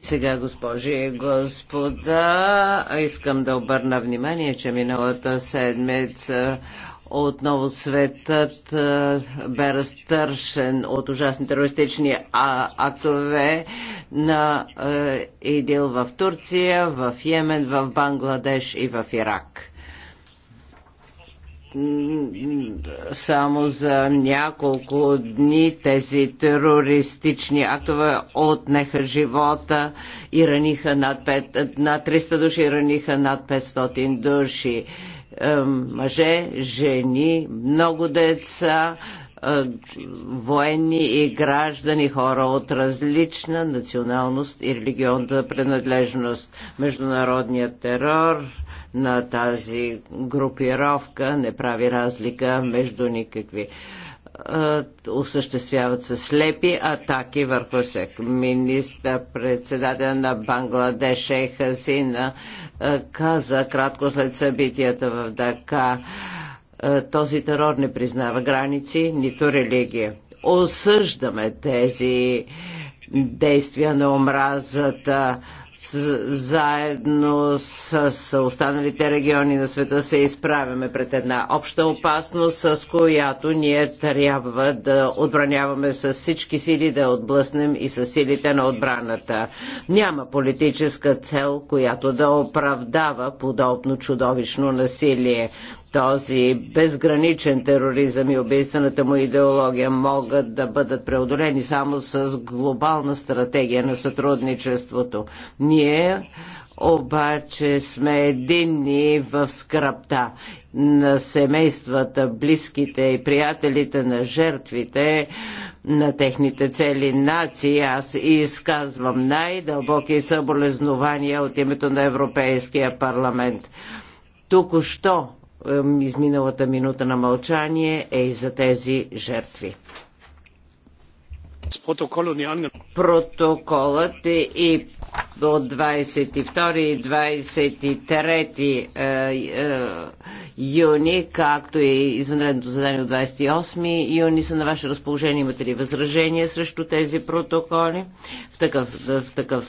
Сега, госпожи и господа, искам да обърна внимание, че миналата седмица отново светът бе разтършен от ужасни терористични актове на Идил в Турция, в Йемен, в Бангладеш и в Ирак само за няколко дни тези терористични актове отнеха живота и раниха над, 5, над 300 души и раниха над 500 души мъже, жени, много деца, военни и граждани, хора от различна националност и религионна принадлежност. Международният терор на тази групировка не прави разлика между никакви осъществяват се слепи атаки върху всеки. министър председател на Бангладеш Шейх Хасина каза кратко след събитията в Дака е, този терор не признава граници, нито религия. Осъждаме тези действия на омразата, заедно с, останалите региони на света се изправяме пред една обща опасност, с която ние трябва да отбраняваме с всички сили, да отблъснем и с силите на отбраната. Няма политическа цел, която да оправдава подобно чудовищно насилие този безграничен тероризъм и убийствената му идеология могат да бъдат преодолени само с глобална стратегия на сътрудничеството. Ние обаче сме единни в скръпта на семействата, близките и приятелите на жертвите, на техните цели нации. Аз изказвам най-дълбоки съболезнования от името на Европейския парламент. Току-що изминалата минута на мълчание е и за тези жертви. Протоколът е и до 22 и 23 е, е, юни, както и извънредното задание от 28 юни са на ваше разположение. Имате ли възражения срещу тези протоколи? В такъв, в такъв